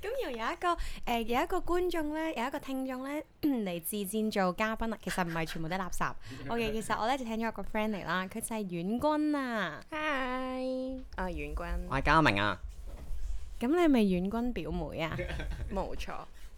咁又有一個誒、呃、有一個觀眾咧，有一個聽眾咧嚟自薦做嘉賓啦。其實唔係全部都係垃圾。 OK，其實我咧就請咗個 friend 嚟啦，佢就係婉君啊。Hi，啊婉、哦、君，我係嘉明啊。咁你係咪婉君表妹啊？冇 錯。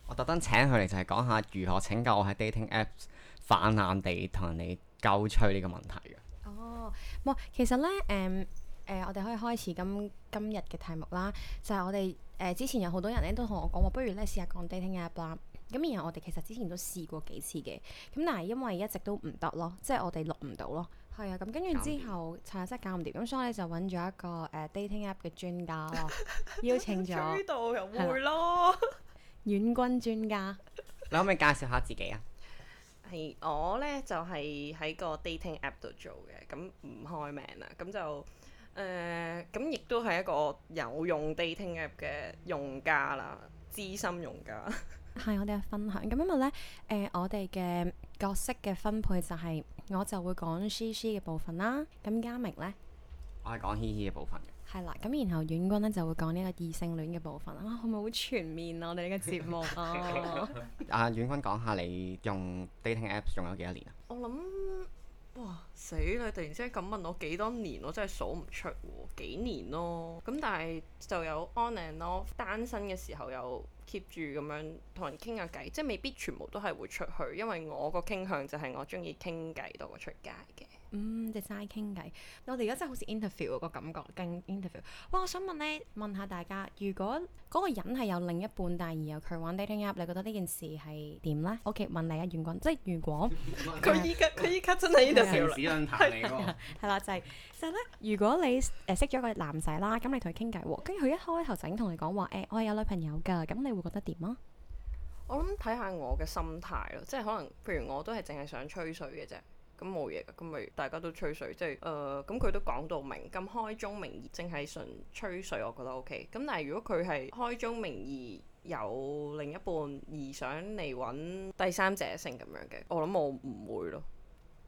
我特登請佢嚟就係講下如何拯救我喺 dating apps 泛濫地同人哋鳩吹呢個問題嘅。哦，冇，其實咧，誒、嗯。誒、呃，我哋可以開始今今日嘅題目啦，就係、是、我哋誒、呃、之前有好多人咧都同我講話，不如咧試下講 dating app 啦。咁然後我哋其實之前都試過幾次嘅，咁但係因為一直都唔得咯，即係我哋錄唔到咯。係啊，咁跟住之後，真係搞唔掂，咁所以咧就揾咗一個誒、呃、dating app 嘅專家咯， 邀請咗。追 到又會咯、啊， 婉君專家。 你可唔可以介紹下自己啊？係我咧，就係、是、喺個 dating app 度做嘅，咁唔開名啦，咁就。誒，咁亦都係一個有用 dating app 嘅用家啦，資深用家。係， 我哋嘅分享。咁因為咧，誒、呃，我哋嘅角色嘅分配就係我就會講 She 嘅部分啦。咁嘉明咧，我係講 He 嘅部分嘅。係啦，咁然後婉君咧就會講呢個異性戀嘅部分啊。可唔可以好全面啊？我哋呢個節目啊， 啊。阿婉君講下你用 dating app 仲有幾多年啊？我諗。哇！死啦！突然之間咁問我幾多年，我真係數唔出幾年咯。咁但係就有 online 咯。單身嘅時候有 keep 住咁樣同人傾下偈，即係未必全部都係會出去，因為我個傾向就係我中意傾偈多過出街嘅。嗯，只晒傾偈，我哋而家真係好似 interview，個感覺，更 interview。哇，我想問咧，問下大家，如果嗰個人係有另一半，但而又佢玩 dating app，你覺得呢件事係點咧？OK，問你啊，婉君，即係如果佢依家佢依家真係呢度城市論壇嚟，係啦，就係就係咧，如果你誒、呃、識咗個男仔啦，咁 你同佢傾偈，跟住佢一開頭就已經同你講話，誒、欸，我係有女朋友㗎，咁你會覺得點啊？我諗睇下我嘅心態咯，即係可能，譬如我都係淨係想吹水嘅啫。咁冇嘢噶，咁咪大家都吹水，即係，誒、呃，咁佢都講到明，咁開宗明義正係純吹水，我覺得 O K。咁但係如果佢係開宗明義有另一半而想嚟搵第三者性咁樣嘅，我諗我唔會咯。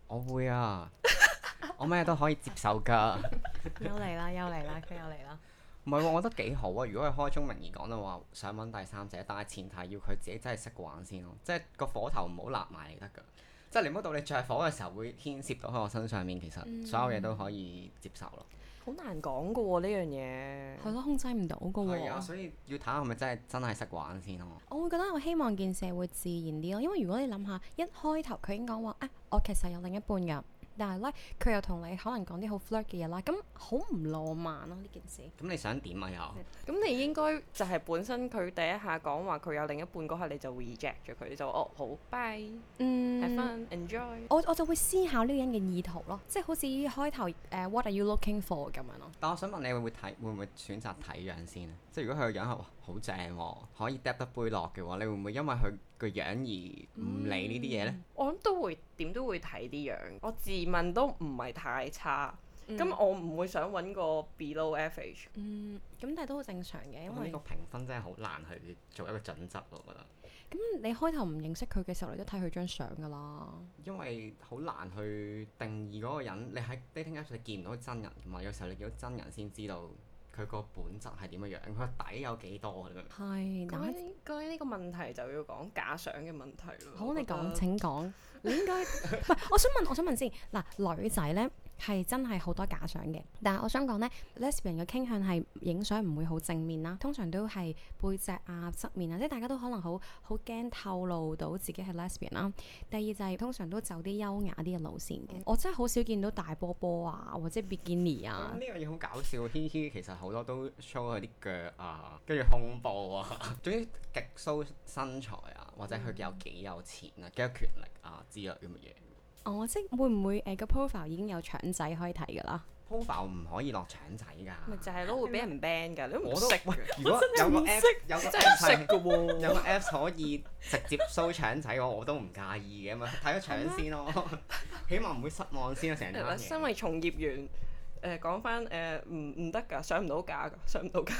我會啊， 我咩都可以接受噶。 又嚟啦，又嚟啦，佢又嚟啦。唔係，我覺得幾好啊。如果係開宗明義講嘅話想搵第三者，但係前提要佢自己真係識玩先咯，即係個火頭唔好立埋嚟得噶。即係你摸到你着火嘅時候會牽涉到喺我身上面，其實所有嘢都可以接受咯、嗯。好、嗯、難講噶喎呢樣嘢，係咯 控制唔到噶喎。係啊，所以要睇下係咪真係真係識玩先咯。我會覺得我希望件事會自然啲咯，因為如果你諗下一開頭佢已經講話啊，我其實有另一半㗎。但係咧，佢又同你可能講啲好 flirt 嘅嘢啦，咁好唔浪漫咯、啊、呢件事。咁、嗯、你想點啊又？咁 你應該就係本身佢第一下講話佢有另一半嗰刻，你就 reject 咗佢，你就哦好 bye，嗯 have fun，enjoy。Fun, enjoy 我我就會思考呢個人嘅意圖咯，即係好似開頭 what are you looking for 咁樣咯。但我想問你會會睇會唔會選擇睇樣先啊？即係如果佢個樣係好正喎，可以搭得杯落嘅話，你會唔會因為佢個樣而唔理呢啲嘢呢？嗯、我諗都會，點都會睇啲樣。我自問都唔係太差，咁、嗯、我唔會想揾個 below a H。嗯，咁但係都好正常嘅，因為呢個評分真係好難去做一個準則，我覺得。咁你開頭唔認識佢嘅時候，你都睇佢張相噶啦。因為好難去定義嗰個人，你喺 dating app 你見唔到真人同埋有時候你見到真人先知道。佢個本質係點樣樣？佢個底有幾多啊？係，但係講緊呢個問題，就要講假想嘅問題啦。好，你講，請講。你 應該唔係，我想問，我想問先嗱，女仔咧係真係好多假相嘅。但係我想講咧，lesbian 嘅傾向係影相唔會好正面啦，通常都係背脊啊、側面啊，即係大家都可能好好驚透露到自己係 lesbian 啦。第二就係、是、通常都走啲優雅啲嘅路線嘅。我真係好少見到大波波啊，或者 Bikini 啊。呢樣嘢好搞笑，嘻嘻，其實好多都 show 佢啲腳啊，跟住胸部啊，總 之 極 show 身材啊。或者佢有幾有錢啊，幾有權力啊之類咁嘅嘢？啊、哦，即係會唔會誒、呃那個 profile 已經有腸仔可以睇嘅啦？profile 唔可以落腸仔㗎。咪就係咯，會俾人 ban 㗎。嗎你都唔識嘅。我都喂，如果有個 app 真識有個 app 係喎， 有個 app 可以直接收腸仔嘅，我都唔介意嘅嘛，睇咗腸先咯，嗎 起碼唔會失望先啊！成日講嘢。身為從業員。誒講翻誒唔唔得㗎，上唔到架㗎，上唔到架。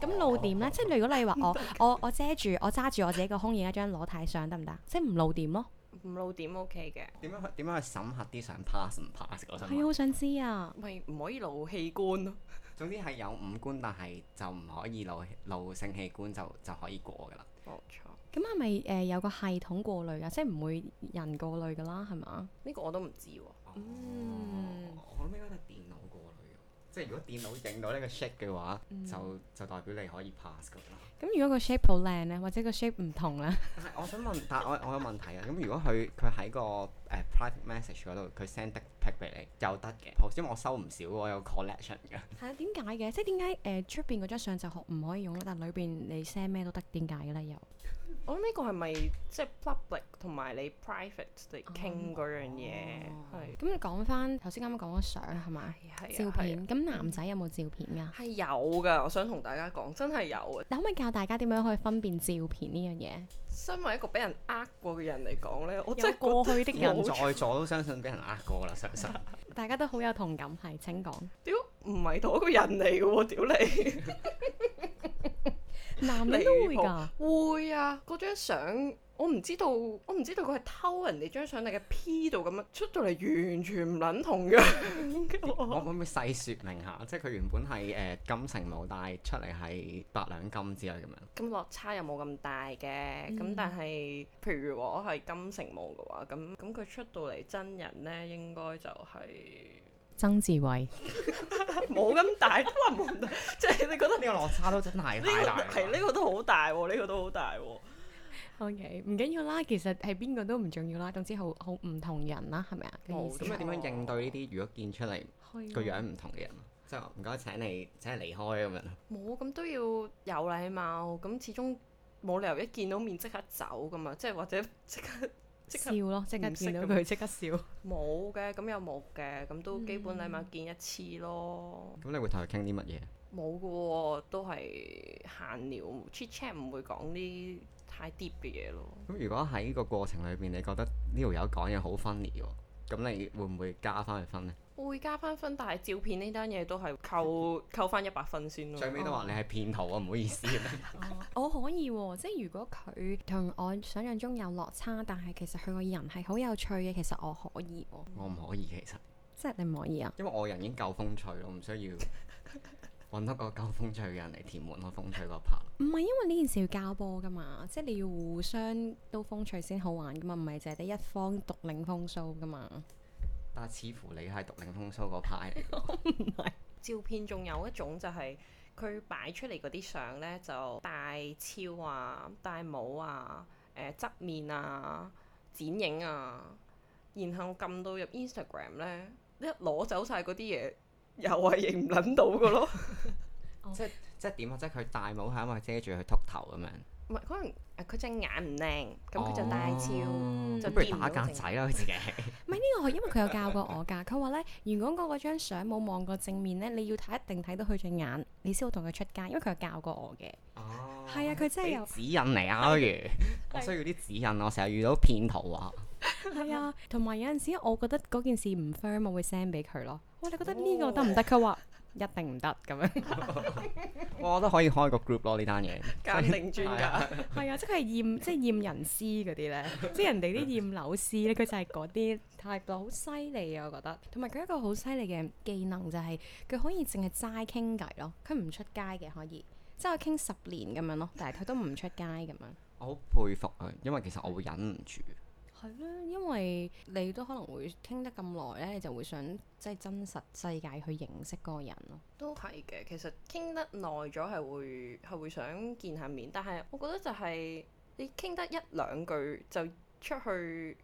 咁露點咧？即係如果你話我我我遮住，我揸住我自己個胸影一張裸體相，得唔得？即係唔露點咯。唔露點 OK 嘅。點樣點樣去審核啲相 pass 唔 pass？我真想知啊，咪唔可以露器官咯？總之係有五官，但係就唔可以露露性器官就就可以過㗎啦。冇錯。咁係咪誒有個系統過濾㗎？即係唔會人過濾㗎啦？係咪？呢個我都唔知喎。嗯，我諗應即係如果電腦影到呢個 shape 嘅話，嗯、就就代表你可以 pass 咁咯、嗯。咁如果個 shape 好靚咧，或者個 shape 唔同咧 我想問，但係我 我有問題啊。咁如果佢佢喺個誒、uh, private message 嗰度，佢 send 的 pic 俾你，又得嘅。因為我收唔少，我有 collection 嘅。係啊，點解嘅？即係點解誒出邊嗰張相就唔可以用，但係裏邊你 send 咩都得，點解嘅咧又？Oh. 是我諗呢個係咪即係 public 同埋你 private 嚟傾嗰樣嘢？係。咁你講翻頭先啱啱講咗相係咪？照片。咁男仔有冇照片㗎？係有㗎，我想同大家講，真係有啊。你可唔可以教大家點樣可以分辨照片呢樣嘢？身為一個俾人呃過嘅人嚟講咧，我真係過去的人在座都相信俾人呃過啦，係唔 大家都好有同感，係。請講。屌唔係同一個人嚟㗎喎，屌你。 男人都會㗎，離譜，會啊！嗰張相我唔知道，我唔知道佢係偷人哋張相嚟嘅 P 度咁樣，出到嚟完全唔撚同嘅。 我我咪細説明下，即係佢原本係誒、呃、金城武，但出嚟係八兩金之類咁樣。咁落差又冇咁大嘅，咁、嗯、但係譬如我係金城武嘅話，咁咁佢出到嚟真人咧，應該就係、是。曾志偉冇咁大都話唔到，即係 你覺得你個落差都真係太大。係呢、這個都好、這個、大喎，呢、這個都好大喎。OK，唔緊要啦，其實係邊個都唔重要啦，總之好好唔同人啦，係咪啊？咁啊、哦，點樣應對呢啲？哦、如果見出嚟個樣唔同嘅人，即係唔該請你，請你離開咁樣，冇，咁都要有禮貌，咁始終冇理由一見到面即刻走㗎嘛，即係或者即刻。 即刻笑咯，即刻見到佢即刻笑。冇嘅，咁又冇嘅，咁都基本禮貌見一次咯。咁、嗯、 你會同佢傾啲乜嘢？冇嘅、哦，都係閒聊，chat chat 唔會講啲太 deep 嘅嘢咯。咁如果喺呢個過程裏邊，你覺得呢條友講嘢好 funny 喎，咁你會唔會加翻佢分呢？會加翻分，分，但係照片呢單嘢都係扣扣翻一百分先咯。最尾都話你係騙徒啊，唔、哦、好意思我可以、哦，即係如果佢同我想象中有落差，但係其實佢個人係好有趣嘅，其實我可以、哦。我唔可以其實。即係你唔可以啊？因為我人已經夠風趣咯，唔需要搵一個夠風趣嘅人嚟填滿我風趣個 part。唔係因為呢件事要交波噶嘛，即係你要互相都風趣先好玩噶嘛，唔係淨係得一方獨領風騷噶嘛。但似乎你係獨領風騷嗰派嚟。 是。唔係。照片仲有一種就係佢擺出嚟嗰啲相呢，就戴超啊、戴帽啊、誒、呃、側面啊、剪影啊，然後撳到入 Instagram 呢，一攞走晒嗰啲嘢，又係認唔撚到嘅咯。即即點啊？即佢戴帽係因為遮住佢禿頭咁樣。可能佢隻眼唔靚，咁佢就戴超，oh。就不、嗯嗯、不如打格仔啦佢自己。唔係呢個係因為佢有教過我㗎，佢話咧，如果我嗰張相冇望過正面咧，你要睇一定睇到佢隻眼，你先好同佢出街，因為佢有教過我嘅。哦，係啊，佢真係有指引嚟啊！的 我需要啲指引，我成日遇到騙徒啊。係 啊，同埋有陣時，我覺得嗰件事唔 firm，我會 send 俾佢咯。我、哦、你覺得呢個得唔得？佢話。一定唔得咁樣， 我覺得可以開個 group 咯呢單嘢，鑑定 專家係啊 呀，即係佢係驗，即係驗人師嗰啲咧，即係 人哋啲驗樓師咧，佢 就係嗰啲態度好犀利啊！我覺得，同埋佢一個好犀利嘅技能就係、是、佢可以淨係齋傾偈咯，佢唔出街嘅可以，即係我傾十年咁樣咯，但係佢都唔出街咁樣。 我好佩服佢，因為其實我會忍唔住。係啦，因為你都可能會傾得咁耐咧，你就會想即係真實世界去認識嗰個人咯。都係嘅，其實傾得耐咗係會係會想見下面，但係我覺得就係、是、你傾得一兩句就出去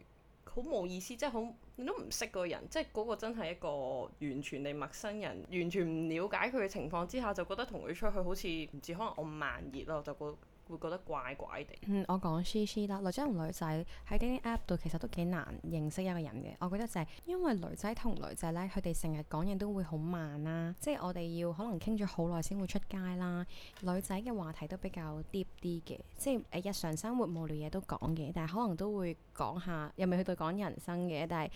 好冇意思，即係好你都唔識嗰個人，即係嗰個真係一個完全你陌生人，完全唔了解佢嘅情況之下，就覺得同佢出去好似唔知可能我慢熱咯，就覺得。會覺得怪怪地。嗯，我講 C C 啦，女仔同女仔喺啲 App 度其實都幾難認識一個人嘅。我覺得就係因為女仔同女仔咧，佢哋成日講嘢都會好慢啦、啊，即係我哋要可能傾咗好耐先會出街啦、啊。女仔嘅話題都比較 deep 啲嘅，即係誒日常生活無聊嘢都講嘅，但係可能都會講下，又未去到講人生嘅，但係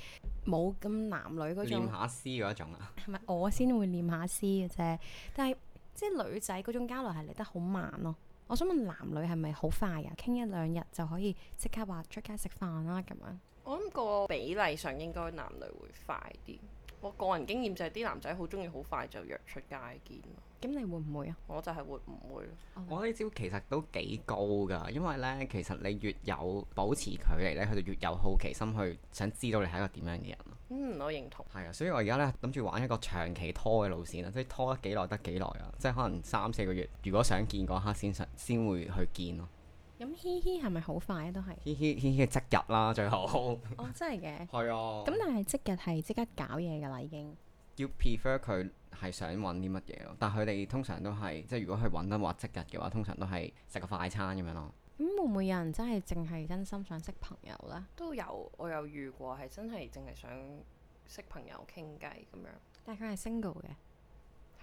冇咁男女嗰種念下詩嗰一種啊。係咪我先會念下詩嘅啫？但係即係女仔嗰種交流係嚟得好慢咯、啊。我想問男女係咪好快啊？傾一兩日就可以即刻話出街食飯啦、啊、咁樣。我諗個比例上應該男女會快啲。我個人經驗就係啲男仔好鍾意好快就約出街見。咁你會唔會啊？我就係會唔會 Okay. 我呢招其實都幾高㗎，因為呢，其實你越有保持距離呢，佢就越有好奇心去想知道你係一個點樣嘅人。嗯，我認同。係啊，所以我而家咧諗住玩一個長期拖嘅路線啊，即係拖得幾耐得幾耐啊，即係可能三四個月，如果想見嗰刻先，先會去見咯。咁、嗯、嘻嘻係咪好快、啊、都係？嘻嘻嘻嘻即日啦，最好。哦，真係嘅。係 啊。咁但係即日係即刻搞嘢㗎啦，已經。要 prefer 佢係想揾啲乜嘢咯？但係佢哋通常都係，即係如果佢揾緊嘅話即日嘅話，通常都係食個快餐咁樣咯。咁、嗯、會唔會有人真係淨係真心想識朋友咧？都有，我有遇過係真係淨係想識朋友傾偈咁樣。但係佢係 single 嘅。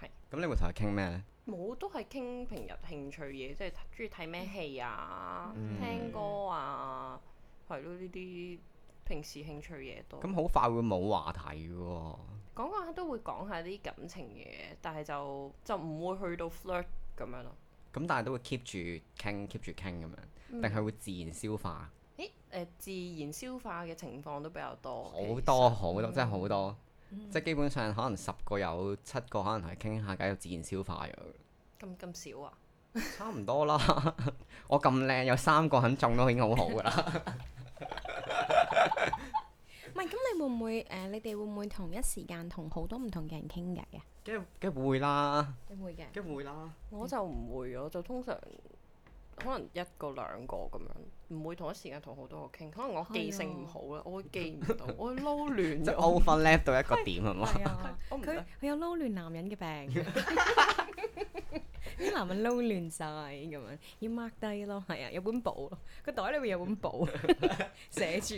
係是。咁、嗯、你會同佢傾咩咧？冇，都係傾平日興趣嘢，即係中意睇咩戲啊、嗯、聽歌啊，係咯呢啲平時興趣嘢多。咁好、嗯、快會冇話題嘅喎、啊。講講下都會講下啲感情嘢，但係就就唔會去到 flirt 咁樣咯。咁但係都會 keep 住傾 keep 住傾咁樣，定係會自然消化？誒、嗯欸、自然消化嘅情況都比較多。好多好多，真係、嗯、好多，就是多，嗯、即係基本上可能十個有七個可能係傾下偈就自然消化咗。咁咁少啊？差唔多啦。 我咁靚，有三個肯中都已經好好㗎啦。唔係，咁你會唔會誒？你哋會唔會同一時間同好多唔同嘅人傾偈啊？梗梗會啦，會嘅，梗會啦。我就唔會，我就通常可能一個兩個咁樣，唔會同一時間同好多個傾。可能我記性唔好啦，我會記唔到，我撈亂。就 overlap 到一個點係嘛？佢佢有撈亂男人嘅病，啲男人撈亂曬咁樣，要 mark 低咯，係啊，有本簿，個袋裏面有本簿，寫住。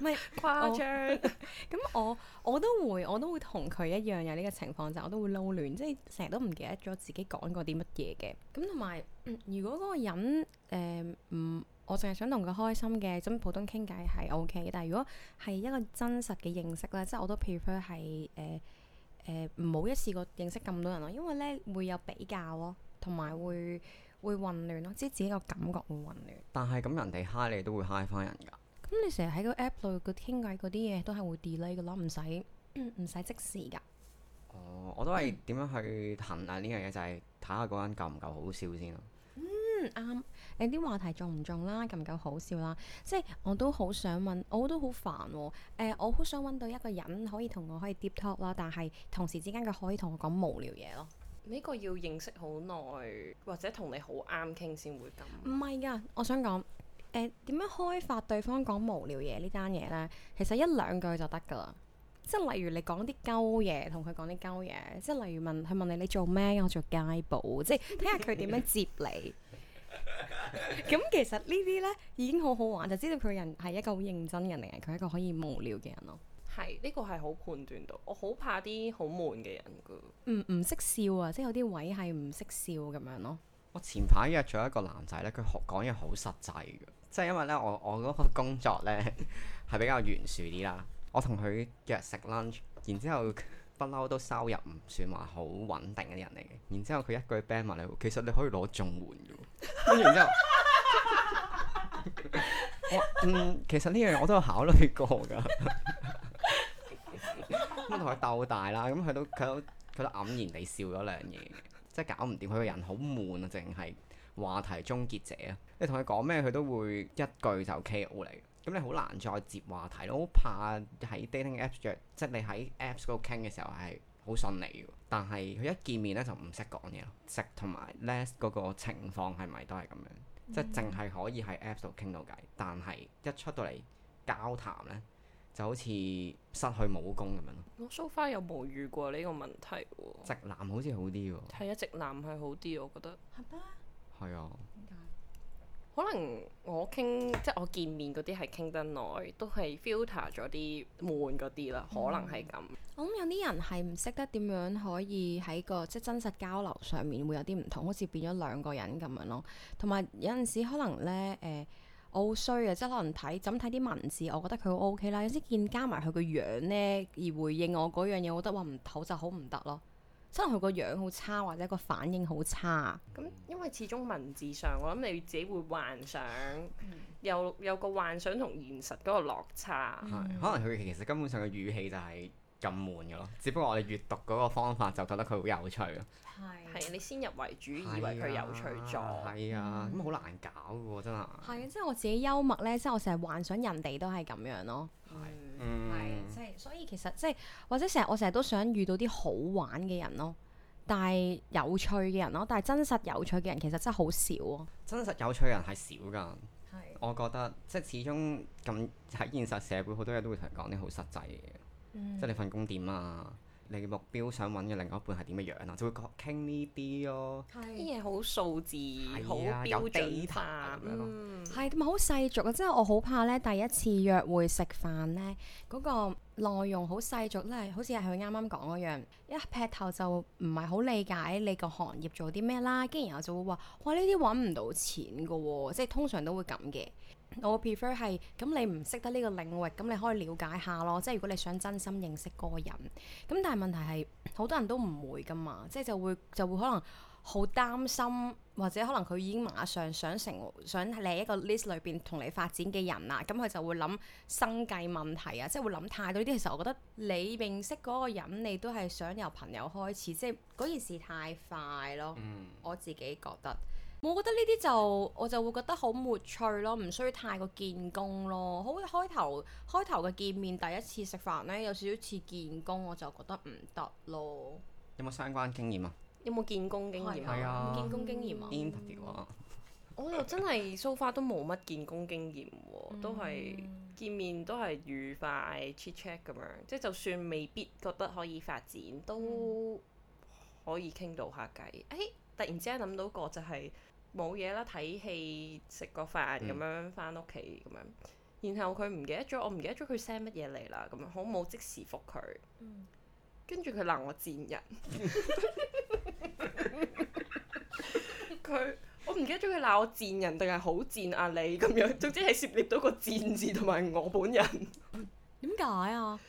唔係 是誇張，咁我 我，我都會，我都會同佢一樣有呢個情況，就我都會撈亂，即係成日都唔記得咗自己講過啲乜嘢嘅。咁同埋如果嗰個人誒唔、呃，我淨係想同佢開心嘅，咁普通傾偈係 OK。但係如果係一個真實嘅認識咧，即係我都 prefer 係誒誒唔好一次過認識咁多人咯，因為咧會有比較咯、啊，同埋會會混亂咯，即係自己個感覺會混亂。但係咁人哋嗨你都會嗨翻人㗎。咁、嗯、你成日喺個 app 內個傾偈嗰啲嘢都係會 delay 嘅咯，唔使唔使即時噶。哦，我都係點樣去行啊？呢樣嘢就係睇下嗰人夠唔夠好笑先咯、嗯。嗯，啱、嗯。誒，啲話題中唔中啦？夠唔夠好笑啦？即係我都好想問，我都好煩。誒、呃，我好想揾到一個人可以同我可以 deep talk 啦，但係同時之間佢可以同我講無聊嘢咯。呢個要認識好耐，或者同你好啱傾先會咁。唔係噶，我想講。誒，點、呃、樣開發對方講無聊嘢呢單嘢呢？其實一兩句就得噶啦，即係例如你講啲鳩嘢，同佢講啲鳩嘢，即係例如問佢問你，你做咩？我做街保，即係睇下佢點樣接你。咁 其實呢啲呢已經好好玩，就知道佢人係一個好認真人嚟，定係佢一個可以無聊嘅人咯。係呢、這個係好判斷到，我好怕啲好悶嘅人噶，唔唔識笑啊，即係有啲位係唔識笑咁樣咯。我前排約咗一個男仔呢，佢學講嘢好實際嘅即係因為咧，我我嗰個工作咧係比較懸殊啲啦。我同佢約食 lunch，然之後不嬲都收入唔算話好穩定嘅啲人嚟嘅。然之後佢一句 ban 埋你，其實你可以攞綜援嘅。跟住之後 我，嗯，其實呢樣我都有考慮過噶。咁同佢鬥大啦，咁佢都佢都佢都，都黯然地笑咗兩嘢，即係搞唔掂。佢個人好悶啊，淨係。話題終結者啊！你同佢講咩，佢都會一句就 K.O. 嚟嘅。咁你好難再接話題咯。我好怕喺 dating apps 約，即係你喺 apps 度傾嘅時候係好順利嘅，但係佢一見面咧就唔識講嘢咯。識同埋 less 嗰個情況係咪都係咁樣？嗯、即係淨係可以喺 apps 度傾到偈，但係一出到嚟交談咧，就好似失去武功咁樣咯。我、哦、so far 又冇遇過呢個問題喎、哦。直男好似好啲喎。係啊，直男係好啲，我覺得。係咩？係啊，可能、嗯、我傾即係我見面嗰啲係傾得耐，都係 filter 咗啲悶嗰啲啦，可能係咁。我諗有啲人係唔識得點樣可以喺個即係真實交流上面會有啲唔同，好似變咗兩個人咁樣咯。同埋有陣時可能咧誒、呃，我好衰啊，即係可能睇咁睇啲文字，我覺得佢好 OK 啦，有時見加埋佢個樣咧而回應我嗰樣嘢，我覺得話唔好就好唔得咯。真係佢個樣好差，或者個反應好差。咁、嗯、因為始終文字上，我諗你自己會幻想，嗯、有有個幻想同現實嗰個落差。係，可能佢其實根本上嘅語氣就係咁悶嘅咯。只不過我哋閱讀嗰個方法就覺得佢好有趣咯。係、啊。係 你先入為主，以為佢有趣咗。係啊，咁好、啊嗯、難搞嘅喎，真係。係啊，即、就、係、是、我自己幽默咧，即、就、係、是、我成日幻想人哋都係咁樣咯。係、啊。嗯係、嗯，即係所以其實即係，或者成日我成日都想遇到啲好玩嘅人咯，但係有趣嘅人咯，但係真實有趣嘅人其實真係好少啊。真實有趣嘅人係少噶，係，我覺得即係始終咁喺現實社會好多嘢都會同人講啲好實際嘅嘢。嗯、即係你份工點啊？你目標想揾嘅另外一半係點嘅樣，樣啊？就會講傾呢啲咯，啲嘢好數字，好、哎、呀標準化，係咪好世俗啊？即係我好怕咧，第一次約會食飯咧，嗰、那個內容好世俗咧，好似係佢啱啱講嗰樣一劈頭就唔係好理解你個行業做啲咩啦，跟住然後就會話哇呢啲揾唔到錢㗎喎，即係通常都會咁嘅。我 prefer 係，咁，你唔識得呢個領域，咁你可以了解下咯。即係如果你想真心認識嗰個人，咁但係問題係好多人都唔會噶嘛，即係就會就會可能好擔心，或者可能佢已經馬上想成想喺你一個 list 裏邊同你發展嘅人啦。咁佢就會諗生計問題啊，即係會諗太多呢啲。其實我覺得你認識嗰個人，你都係想由朋友開始，即係嗰件事太快咯。嗯，我自己覺得。我覺得呢啲就我就會覺得好沒趣咯，唔需要太過見工咯。好開頭開頭嘅見面，第一次食飯呢，有少少似見工，我就覺得唔得咯。有冇相關經驗啊？有冇見工經驗啊？見工經驗啊？我又真係 so far 都冇乜見工經驗喎、啊，都係見,、啊嗯、見面都係愉快 chit chat 咁樣，即係就算未必覺得可以發展，都可以傾到下偈。哎。突然之間諗到個就係冇嘢啦，睇戲食個飯咁樣返屋企咁樣，然後佢唔記得咗，我唔記得咗佢 send 乜嘢嚟啦，咁樣好冇即時覆佢，跟住佢鬧我賤人，佢 我唔記得咗佢鬧我賤人定係好賤啊你咁樣，總之係涉獵到個賤字同埋我本人，點解啊？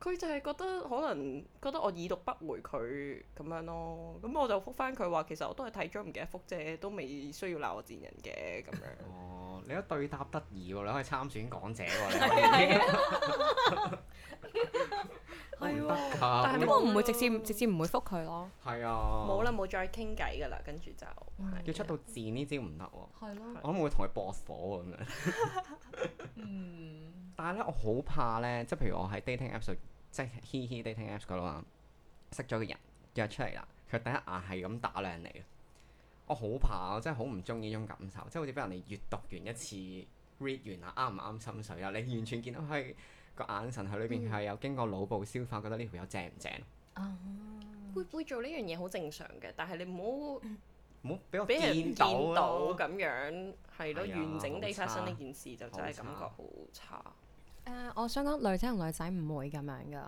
佢就係覺得可能覺得我已讀不回佢咁樣咯，咁我就覆翻佢話，其實我都係睇咗唔記得覆啫，都未需要鬧我賤人嘅咁樣。哦，你都對答得宜喎，你可以參選港姐喎。係、哦、但係咁我唔會直接直接唔會覆佢咯。係啊，冇啦冇再傾偈噶啦，跟住就、嗯、的要出到字、啊、的呢招唔得喎，我可諗會同佢博火咁樣。嗯，但係咧，我好怕咧，即係譬如我喺 dating app 上，即係嘻嘻 dating apps 啦嘛，識咗個人，個人約出嚟啦，佢第一眼係咁打量你，我好怕，我真係好唔中意呢種感受，即係好似俾人哋閲讀完一次 read 完啦，啱唔啱心水啊？你完全見到佢。個眼神喺裏邊，係、嗯、有經過腦部消化，覺得呢條友正唔正？哦、啊，會會做呢樣嘢，好正常嘅，但係你唔好唔好俾人見到咁樣，係咯、嗯，哎、完整地發生呢件事就真係感覺好差。誒、呃，我想講女仔同女仔唔會咁樣㗎。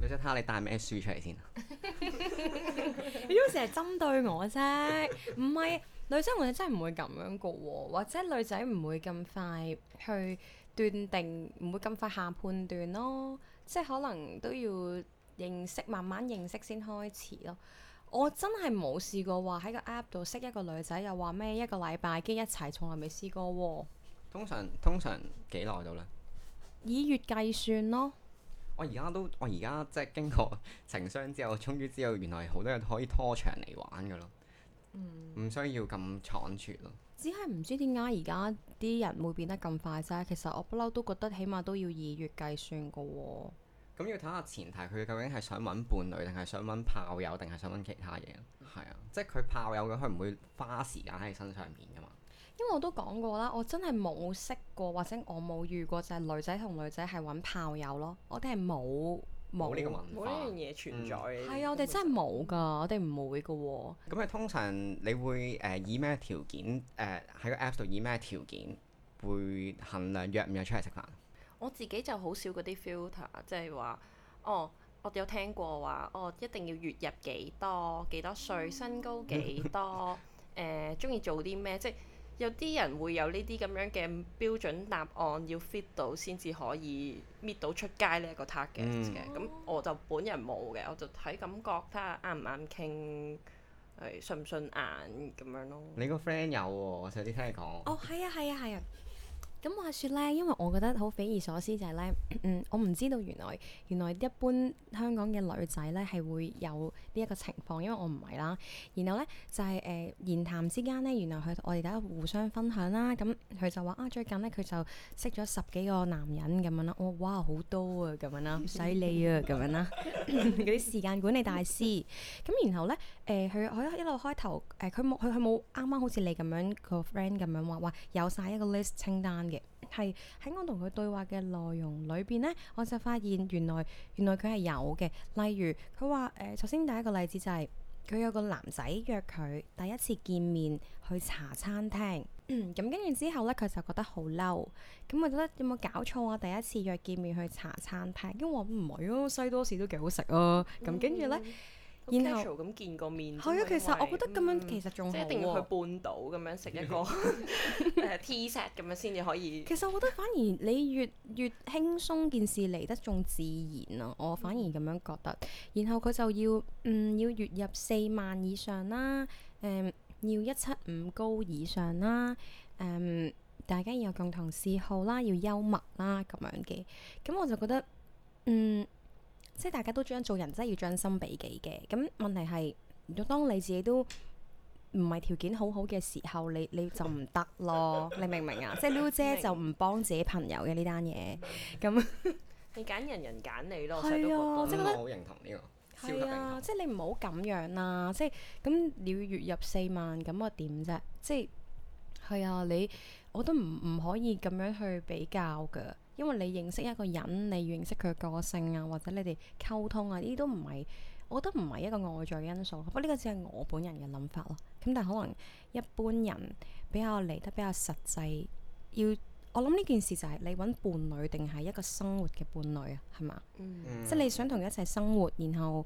呃、想女仔睇下你帶咩書出嚟先。你都成日針對我啫，唔係女仔同女仔真係唔會咁樣噶，或者女仔唔會咁快去斷定唔會咁快下判斷咯，即係可能都要認識，慢慢認識先開始咯。我真係冇試過話喺個 App 度識一個女仔，又話咩一個禮拜跟一齊，從來未試過喎。通常通常幾耐到呢？以月計算咯。我而家都我而家即係經過情商之後，終於知道原來好多嘢都可以拖長嚟玩嘅咯。嗯。唔需要咁倉促咯。只係唔知點解而家啲人會變得咁快啫。其實我不嬲都覺得，起碼都要二月計算噶喎、哦。咁要睇下前提，佢究竟係想揾伴侶，定係想揾炮友，定係想揾其他嘢？係、嗯、啊，即係佢炮友嘅，佢唔會花時間喺你身上面噶嘛。因為我都講過啦，我真係冇識過，或者我冇遇過就係女仔同女仔係揾炮友咯，我哋係冇。冇呢個文化，冇呢樣嘢存在。係、嗯嗯、啊，我哋真係冇噶，嗯、我哋唔會噶、啊。咁啊，通常你會誒、呃、以咩條件誒喺個 app 度以咩條件會衡量約唔約出嚟食飯？我自己就好少嗰啲 filter，即係話哦，我哋有聽過話哦，一定要月入幾多、幾多歲、身高幾多、誒中意做啲咩，即、就、係、是。有啲人會有呢啲咁樣嘅標準答案，要 fit 到先至可以搣到出街呢一個 target 嘅，咁、嗯、我就本人冇嘅，我就睇感覺，睇下啱唔啱傾，係順唔順眼咁樣咯。你個 friend 有喎、我，上次聽你講。哦，係啊，係啊，係啊。咁話説咧，因為我覺得好匪夷所思就係、是、咧，嗯，我唔知道原來原來一般香港嘅女仔咧係會有呢一個情況，因為我唔係啦。然後咧就係、是、誒、呃、言談之間咧，原來佢我哋大家互相分享啦，咁佢就話啊最近咧佢就識咗十幾個男人咁樣啦，我、哦、哇好多啊咁樣啦，犀利啊咁樣啦，嗰 啲時間管理大師。咁 然後咧誒佢佢一路開頭誒佢冇佢佢冇啱啱好似你咁樣個 friend 咁樣話話有晒一個 list 清單。係喺我同佢對話嘅內容裏邊呢，我就發現原來原來佢係有嘅。例如佢話誒，首先、呃、第一個例子就係、是、佢有個男仔約佢第一次見面去茶餐廳，咁跟住之後呢，佢就覺得好嬲。咁我覺得有冇搞錯啊？第一次約見面去茶餐廳？因為我唔係啊，西多士都幾好食啊。咁跟住呢。然後咁見個面，係啊，為其實我覺得咁樣、嗯、其實仲一定要去半島咁樣食一個 tea set 咁樣先至可以。其實我覺得反而你越越輕鬆，件事嚟得仲自然啊！我反而咁樣覺得。嗯、然後佢就要嗯要月入四萬以上啦，誒、嗯、要一七五高以上啦，誒、嗯、大家要有共同嗜好啦，要幽默啦咁樣嘅。咁我就覺得嗯。即係大家都將做人真係要將心比己嘅，咁問題係，如果當你自己都唔係條件好好嘅時候，你你就唔得咯， 你明唔明啊？ 即係 LULU 姐就唔幫自己朋友嘅呢單嘢，咁你揀人人揀你咯。係啊，即我好認同呢個。係啊，即係你唔好咁樣啦。即係咁，你要月入四萬，咁我點啫？即係係啊，你我都唔唔可以咁樣去比較噶。因為你認識一個人，你認識佢個性啊，或者你哋溝通啊，呢啲都唔係，我覺得唔係一個外在因素。不過呢個只係我本人嘅諗法咯。咁但係可能一般人比較嚟得比較實際。要我諗呢件事就係你揾伴侶定係一個生活嘅伴侶啊？係嘛？嗯。即係你想同佢一齊生活，然後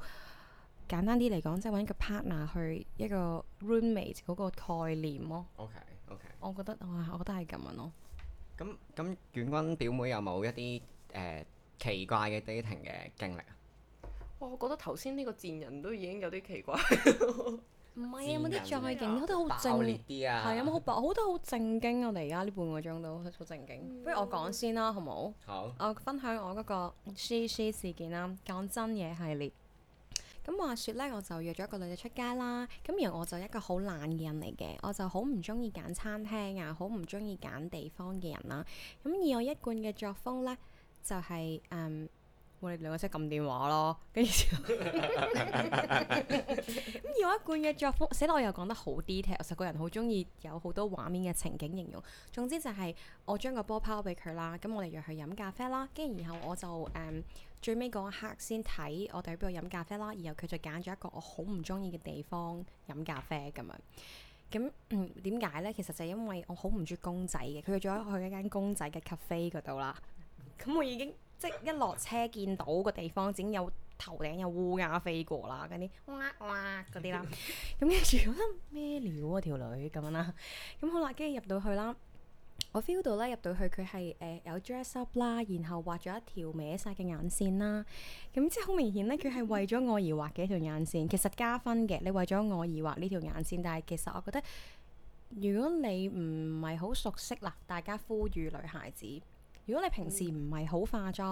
簡單啲嚟講，即係揾個 partner 去一個 roommate 嗰個概念咯。OK，OK。我覺得，我，我覺得係咁樣咯。咁咁，婉君表妹有冇一啲誒、呃、奇怪嘅 dating 嘅經歷啊？哇，我覺得頭先呢個賤人都已經有啲奇怪，唔係啊！有冇啲再勁，覺得好正，係有冇好白，好得好正經。我哋而家呢半個鐘都好正經。不如我講先啦，好唔好？好。我分享我嗰、那個 CC 事件啦，講真嘢系列。咁話説咧，我就約咗一個女仔出街啦。咁然而然後我就一個好懶嘅人嚟嘅，我就好唔中意揀餐廳啊，好唔中意揀地方嘅人啦、啊。咁而我一貫嘅作風呢，就係、是、嗯。我哋、哦、兩個識撳電話咯，跟住，咁有一貫嘅作風，寫落又講得好 detail，其實個人好中意有好多畫面嘅情景形容。總之就係我將個波拋俾佢啦，咁我哋約佢飲咖啡啦，跟住然後我就誒、嗯、最尾嗰一刻先睇我哋喺邊度飲咖啡啦，然後佢就揀咗一個我好唔中意嘅地方飲咖啡咁樣。咁點解呢？其實就因為我好唔中意公仔嘅，佢去咗去一間公仔嘅 cafe 嗰度啦。咁我已經。即一落車見到個地方已經有頭頂有烏鴉飛過啦，嗰啲哇哇嗰啲啦，咁跟住覺得咩料啊條女咁樣啦、啊，咁、 嗯、好啦，跟住入到去啦，我 feel 到咧入到去佢係誒有 dress up 啦，然後畫咗一條歪晒嘅眼線啦，咁即係好明顯咧，佢係為咗我而畫嘅一條眼線，嗯、眼線 其實加分嘅，你為咗我而畫呢條眼線，但係其實我覺得如果你唔係好熟悉啦，大家呼籲女孩子。如果你平時唔係好化妝，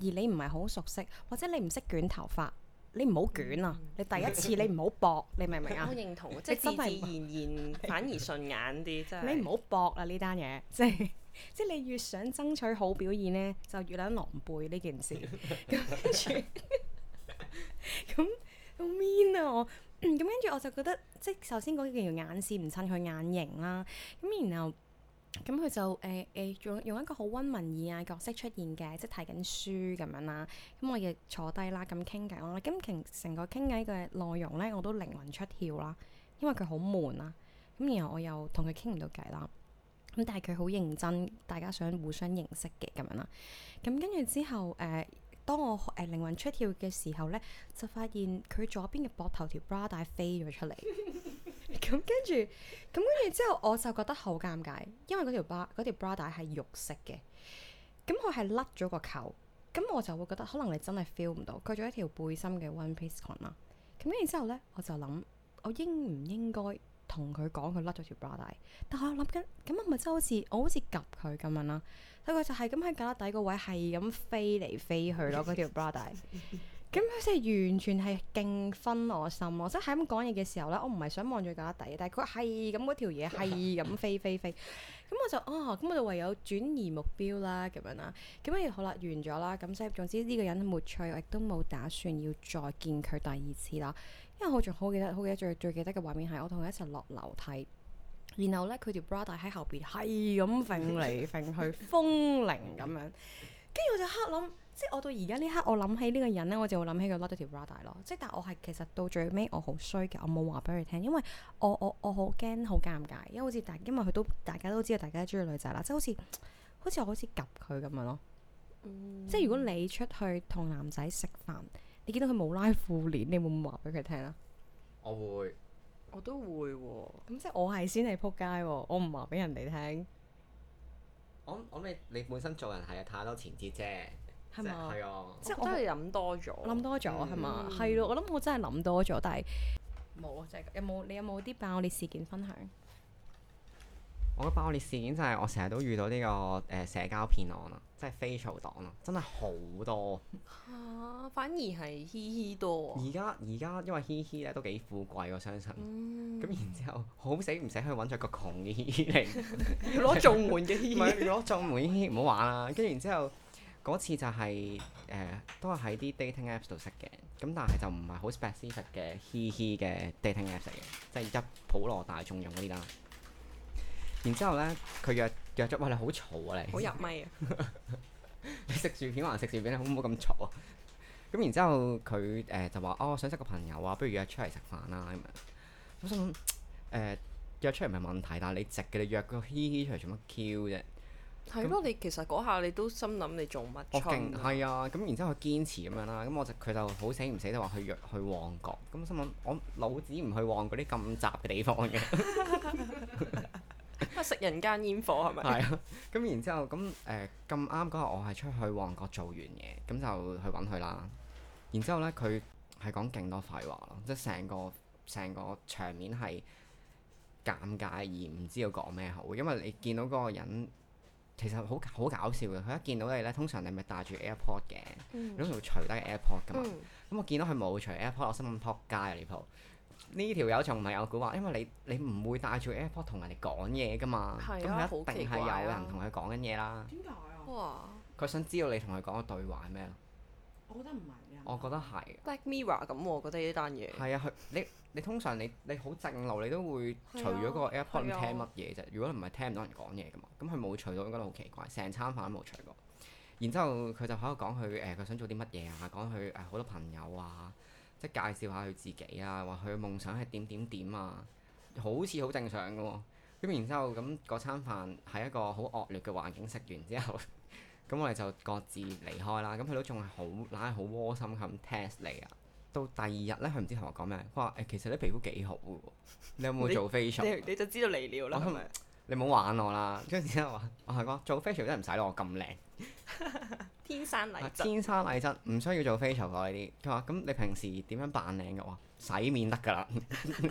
而你唔係好熟悉，或者你唔識捲頭髮，你唔好捲啊！嗯、你第一次你唔好搏， 你明唔明啊？我認同，即、嗯、 自，自然然反而順眼啲。你唔好搏啦！呢單嘢即係即係你越想爭取好表現咧，就越撚狼狽呢件事。咁跟住咁好 mean 啊我，咁跟住我就覺得即係首先嗰條眼線唔襯佢眼型啦、啊，咁然後。咁佢就誒誒用用一個好溫文爾雅角色出現嘅，即係睇緊書咁樣啦。咁我亦坐低啦，咁傾偈我啦。咁傾成個傾偈嘅內容咧，我都靈魂出竅啦，因為佢好悶啦。咁然後我又同佢傾唔到偈啦。咁但係佢好認真，大家想互相認識嘅咁樣啦。咁跟住之後誒、呃，當我誒、呃、靈魂出竅嘅時候咧，就發現佢左邊嘅膊頭條 bra 帶飛咗出嚟。 咁 跟住，咁跟住之後，我就覺得好尷尬，因為嗰條 bra 嗰條 bra 帶係肉色嘅，咁佢係甩咗個球，咁我就會覺得可能你真係 feel 唔到，佢著一條背心嘅 one piece 裙啦，咁跟住之後呢，我就諗我應唔應該同佢講佢甩咗條 bra 帶，但係我諗緊，咁係咪真係好似我好似夾佢咁樣啦，不過就係咁喺架底個位係咁飛嚟飛去咯，嗰條 bra 帶。咁佢真係完全係勁分我心咯！即係咁講嘢嘅時候咧，我唔係想望住個 bra 帶，但係佢係咁嗰條嘢係咁飛飛飛，咁我就哦，咁我就唯有轉移目標啦，咁樣啦。咁跟住好啦，完咗啦。咁所以總之呢個人沒趣，我亦都冇打算要再見佢第二次啦。因為我仲好記得，好記得最最記得嘅畫面係我同佢一齊落樓梯，然後咧佢條 bra 帶喺後邊係咁揈嚟揈去， 風鈴咁樣。跟住我就刻諗。即係我到而家呢刻，我諗起呢個人咧，我就會諗起個 Lottie Radar 咯。即係，但我係其實到最尾我好衰嘅，我冇話俾佢聽，因為我我我好驚好尷尬，因為好似大，因為佢都大家都知道大家都中意女仔啦，即係好似好似我好似及佢咁樣咯。嗯、即係如果你出去同男仔食飯，你見到佢冇拉褲鏈，你會唔會話俾佢聽啊？我會，我都會喎。咁即係我係先係扑街，我唔話俾人哋聽。我我你你本身做人係有太多前節啫。係啊，即係我真係諗多咗，諗多咗，係嘛？係咯，我諗我真係諗多咗，但係冇啊。即係有冇、就是、你有冇啲爆裂事件分享？我個爆裂事件就係我成日都遇到呢、呢個誒、呃、社交騙案，案真啊，即係 Facebook 黨啊，真係好多反而係嘻嘻多。而家而家因為嘻嘻咧都幾富貴我相信。咁、嗯、然之後好死唔死去揾咗個窮嘅嘻嘻嚟，要攞做門嘅嘻嘻，唔攞 做門嘻嘻，唔好 玩啦。跟住然之後。嗰次就係、是、誒、呃，都係喺啲 dating apps 度識嘅，咁但係就唔係好 special 嘅 he he 嘅 dating apps 嚟嘅，即係而家普羅大眾用嗰啲啦。然之後咧，佢約約咗，喂，你好嘈啊，你好入咪啊！ 你食薯片還食薯片，你好唔好咁嘈啊？咁 然之後佢誒、呃、就話：哦，我想識個朋友啊，不如約出嚟食飯啦咁樣。我想誒約出嚟唔係問題，但係你直嘅，你約個 he he 出嚟做乜 Q 啫？係咯，你、嗯、其實嗰下你都心諗你做乜、哦？我勁係啊，咁然之後佢堅持咁樣啦，咁我就佢就好死唔死，就話去約去旺角。咁心諗我老子唔去旺角嗰啲咁雜嘅地方嘅， 食人間煙火係咪？係、嗯、 啊，咁然之後咁誒咁啱嗰日我係出去旺角做完嘢，咁就去揾佢啦。然之後呢，佢係講勁多廢話咯，即係成個成個場面係尷尬而唔知道講咩好，因為你見到嗰個人。其實好好搞笑嘅，佢一見到你咧，通常你咪帶住 AirPod 嘅，通常、嗯、會除低 AirPod 噶嘛。咁、嗯、我見到佢冇除 AirPod，我心諗撲街呢鋪。呢條友仲唔係有蠱惑，因為你你唔會帶住 AirPod 同人哋講嘢噶嘛。咁是、啊、一定係有人同佢講緊嘢啦。點解、嗯嗯、啊？佢想知道你同佢講嘅對話係咩？我覺得唔係。我覺得係。Black Mirror 咁我覺得呢單嘢，係啊，佢你你通常你你好正路，你都會除咗個 AirPod、啊啊、聽乜嘢啫？如果唔係聽唔到人講嘢嘅嘛，咁佢冇除到應該好奇怪，成餐飯都冇除過。然之後佢就喺度講佢誒，佢、呃、想做啲乜嘢啊？講佢誒好多朋友啊，即係介紹下佢自己啊，話佢嘅夢想係點點點啊，好似好正常嘅喎、啊。咁然之後咁嗰餐飯喺一個好惡劣嘅環境食完之後。 咁我哋就各自離開啦。咁佢都仲係好，硬係好窩心咁 test 你啊。到第二日咧，佢唔知同我講咩，佢話：誒、欸、其實你皮膚幾好喎，你有冇做 facial？你，你，你就知道嚟料啦。說係咪？你冇玩我啦！跟住之後話：我係講做 facial 真係唔使咯，我咁靚，天生麗質，天生麗質唔需要做 facial 嗰啲。佢話：咁你平時點樣扮靚嘅？我洗面得㗎啦，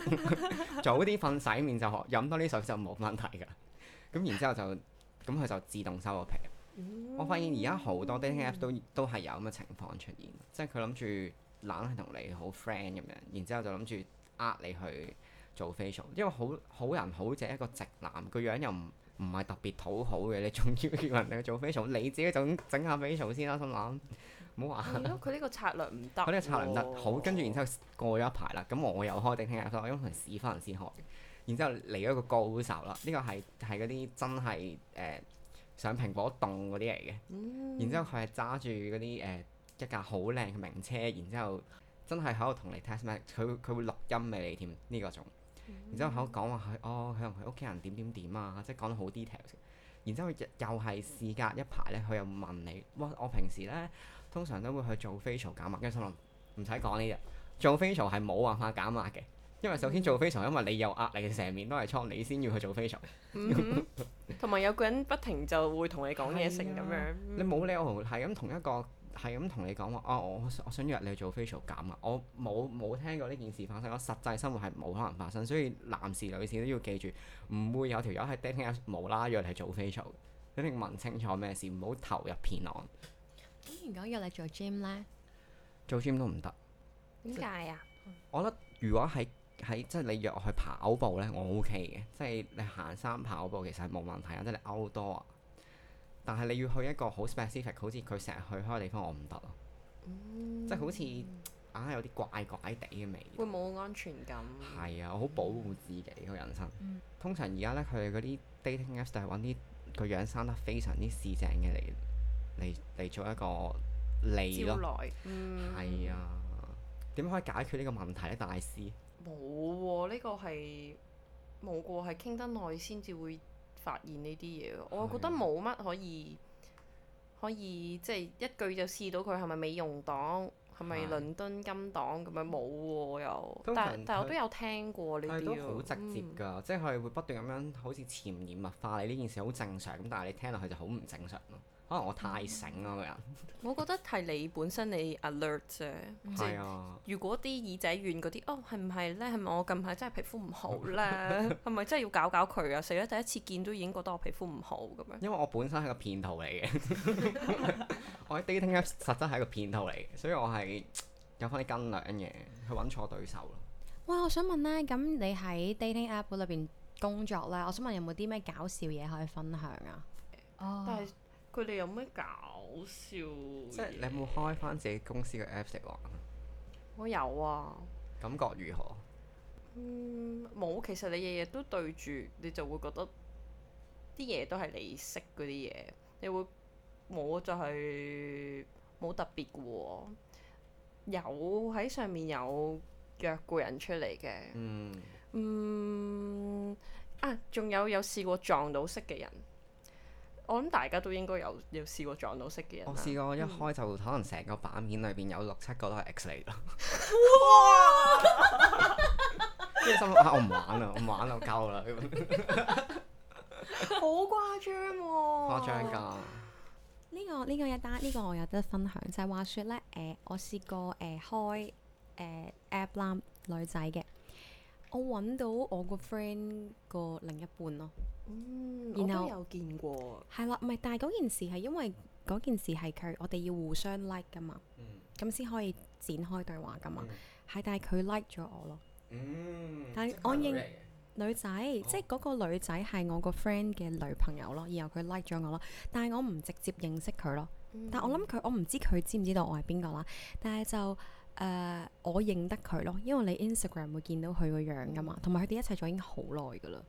早啲瞓洗面就學飲多啲水就冇問題㗎。咁然之後就咁佢就自動收個皮。嗯、我發現而家好多 dating app 都都係有咁嘅情況出現，即係佢諗住懶係同你好 friend 咁樣，然之後就諗住呃你去做 facial，因為好好人好姐一個直男，個樣又唔唔係特別討好嘅，你仲要叫人哋去做 facial， 你自己就整下 facial 先啦，心諗唔好話。佢呢個策略唔得，佢呢個策略唔得好，跟住然之後過咗一排啦，咁我又開 dating app 啦，因為屎翻人先學，然之後嚟咗個高手啦，呢、這個係係嗰啲真係誒。呃上蘋果棟嗰啲嚟嘅，嗯、然之後佢係揸住嗰啲誒一架好靚嘅名車，然之後真係喺度同你 test 咩？佢佢會錄音俾你添呢、呢個種，嗯、然之後喺度講話佢哦，同佢屋企人點點點啊，即係講得好 detail。然之後又又係事隔一排咧，佢又問你：哇！我平時咧通常都會去做 facial 減壓，跟住心諗唔使講呢嘅，做 facial 係冇辦法減壓嘅。因為首先做 facial，因為你有壓力成面都係瘡，你先要去做 facial。嗯，同埋有個人不停就會同你講嘢性咁樣。你冇理由係咁同一個係咁同你講話，哦，我我想約你去做 facial 咁啊！我冇冇聽過呢件事發生，我實際生活係冇可能發生，所以男士女士都要記住，唔會有條友係 dating 無啦啦約你做 facial。一定要問清楚咩事，唔好投入騙案竟然果約你做 gym 咧，做 gym 都唔得。點解啊？我覺得如果喺。喺即係你約我去跑步咧，我 O K 嘅。即係你行山跑步其實係冇問題啊，即係你 out 多啊。但係你要去一個好 specific，好似佢成日去開地方，我唔得咯。嗯、即係好似硬係，有啲怪怪地嘅味。會冇安全感。係啊，我好保護自己、嗯、個人生。嗯、通常而家咧，佢哋嗰啲 dating apps 就係揾啲個樣生得非常之市井嘅嚟嚟嚟做一個你咯。嗯，係啊。點可以解決呢個問題呢？大師？冇喎、哦，呢、呢個係冇過，係傾得耐先至會發現呢啲嘢。是的 我覺得冇乜可以可以即係一句就試到佢係咪美容黨，係咪是的 倫敦金黨咁樣冇喎又。但但係我都有聽過呢啲都好直接㗎，嗯、即係佢會不斷咁樣好似潛移默化，你呢件事好正常，咁但係你聽落去就好唔正常咯。可能我太醒咯個人，我覺得係你本身你 alert 啫。係是啊，如果啲耳仔軟嗰啲，哦，係唔係咧？係咪我近排真係皮膚唔好咧？係咪 真係要搞搞佢啊？死啦！第一次見都已經覺得我皮膚唔好咁樣。因為我本身係個騙徒嚟嘅，我喺 dating app 實質係一個騙徒嚟，嘅， 所以我係有翻啲斤兩嘅，去揾錯對手咯。喂！我想問咧，咁你喺 dating app 裏邊工作咧，我想問有冇啲咩搞笑嘢可以分享啊？但係。佢哋有咩搞笑？即係你有冇開翻自己公司嘅 app 嚟玩？我有啊。感覺如何？嗯，冇。其實你日日都對住，你就會覺得啲嘢都係你識嗰啲嘢，你會冇就係冇特別嘅。有喺上面有約過人出嚟嘅。嗯。嗯。啊，仲有有試過撞到識嘅人。我諗大家都應該有有試過撞到識嘅人。我試過一開就可能成個版面裏邊有六七個都係 X 嚟咯。哇！跟住 心諗啊，我唔玩啦，我唔玩啦，我夠啦。我 好誇張，哦！誇張噶。呢、這個呢、這個一單呢個我有得分享，就係、是、話說咧，誒、呃，我試過誒、呃、開誒 App 男女仔嘅。我揾到我個 friend 個另一半咯，嗯、然後有見過，係啦，唔係，但係嗰件事係因為嗰件事係佢，我哋要互相 like 噶嘛，咁先、嗯、可以展開對話噶嘛，係、嗯，但係佢 like 咗我咯，嗯、但係我認女仔，哦、即係嗰個女仔係我個 friend 嘅女朋友咯，然後佢 like 咗我咯，但係我唔直接認識佢咯，嗯、但係我諗佢，我唔知佢知唔知道我係邊個啦，但係就。誒，uh, 我認得佢咯，因為你 Instagram 會見到佢個樣噶嘛，同埋佢哋一齊咗已經好耐噶啦。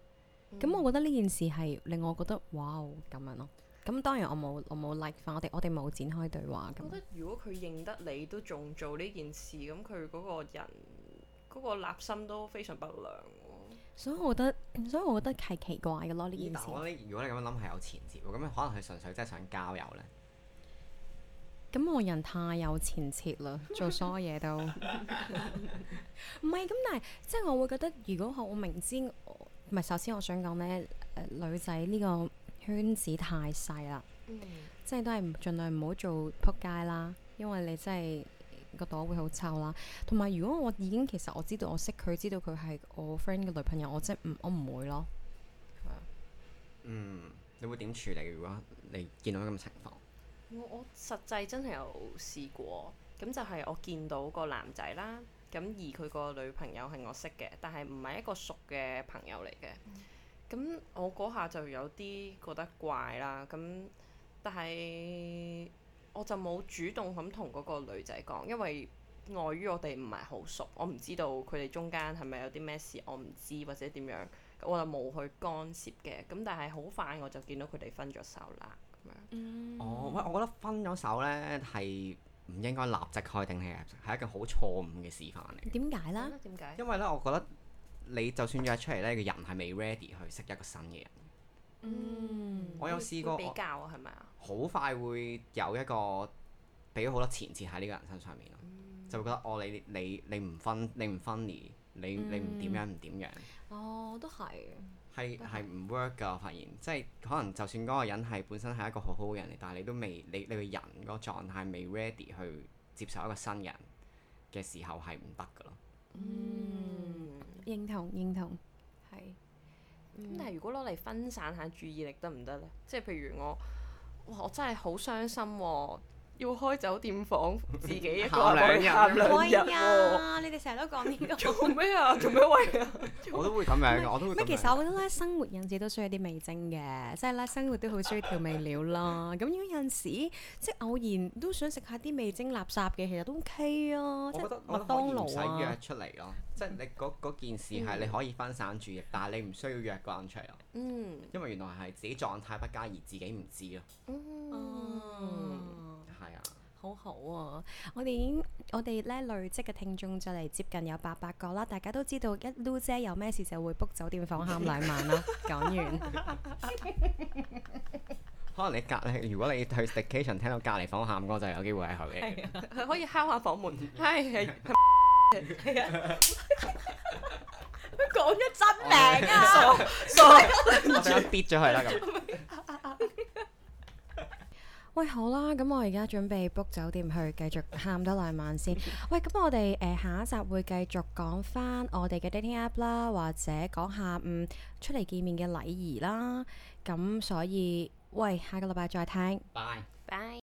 咁、嗯、我覺得呢件事係令我覺得哇咁樣咯。咁當然我冇我冇 like 翻，我哋、like, 我哋冇展開對話。咁，如果佢認得你都仲做呢件事，咁佢嗰個人嗰、嗰個立心都非常不良啊。所以我覺得，所以我覺得係奇怪嘅咯呢件事。但係我覺得如果你咁樣諗係有前節喎，咁可能佢純粹真係想交友咧。咁我人太有前設啦，做所有嘢都唔係咁，但係即係我會覺得，如果我明知唔係，首先我想講咧、呃，女仔呢個圈子太細啦，嗯、即係都係盡量唔好做仆街啦，因為你真係個袋會好臭啦。同埋如果我已經其實我知道我識佢，知道佢係我 friend 嘅女朋友，我即係唔我唔會咯。嗯，你會點處理？如果你見到咁情況？我實際真係有試過，咁就係我見到個男仔啦，咁而佢個女朋友係我識嘅，但係唔係一個熟嘅朋友嚟嘅。咁、嗯、我嗰下就有啲覺得怪啦，咁但係我就冇主動咁同嗰個女仔講，因為礙於我哋唔係好熟，我唔知道佢哋中間係咪有啲咩事，我唔知或者點樣，我就冇去干涉嘅。咁但係好快我就見到佢哋分咗手啦。嗯，哦，喂，我覺得分咗手咧係唔應該立即開定係立即，係一個好錯誤嘅示範嚟。點解咧？點解？因為咧，我覺得你就算約出嚟咧，個人係未 ready 去識一個新嘅人。嗯。我有試過比較啊，係咪啊？好快會有一個俾咗好多前設喺呢個人身上面，嗯，就會覺得哦，你你你唔 fun 你唔 funny，你你唔點樣唔點樣。哦，都係。係係唔 work 㗎，我發現，即係可能就算嗰個人係本身係一個好好嘅人嚟，但係你都未你你個人嗰個狀態未 ready 去接受一個新人嘅時候係唔得㗎咯。嗯，認同認同，係。咁、嗯、但係如果攞嚟分散下注意力得唔得咧？即係譬如我，哇！我真係好傷心喎、啊。要開酒店房自己一個人，可以啊！你哋成日都講呢個。做咩啊？做咩喂啊？我都會咁樣我都會。其實我覺得咧，生活引致都需要啲味精嘅，即係咧生活都好需要調味料啦。咁有陣時即係偶然都想食下啲味精垃圾嘅，其實都 OK 啊！即係麥當勞唔使約出嚟咯，即係你嗰件事係你可以分散注意，但係你唔需要約個人出嚟咯。嗯。因為原來係自己狀態不佳而自己唔知咯。係啊，好好啊！我哋已經，我哋咧累積嘅聽眾就嚟接近有八百個啦、啊。大家都知道，一 Lulu 姐有咩事就會 book 酒店房喊兩晚啦。講完， 可能你隔離，如果你去 station 聽到隔離房喊歌，就有機會喺後邊。佢、 啊、可以敲下房門。係係係啊！啊 講咗真名啊！傻傻， 我俾佢跌咗佢啦咁。 喂，好啦，咁我而家準備 book 酒店去繼續喊多兩晚先。喂，咁我哋誒、呃、下一集會繼續講翻我哋嘅 dating app 啦，或者講下午出嚟見面嘅禮儀啦。咁所以喂，下個禮拜再聽。拜拜。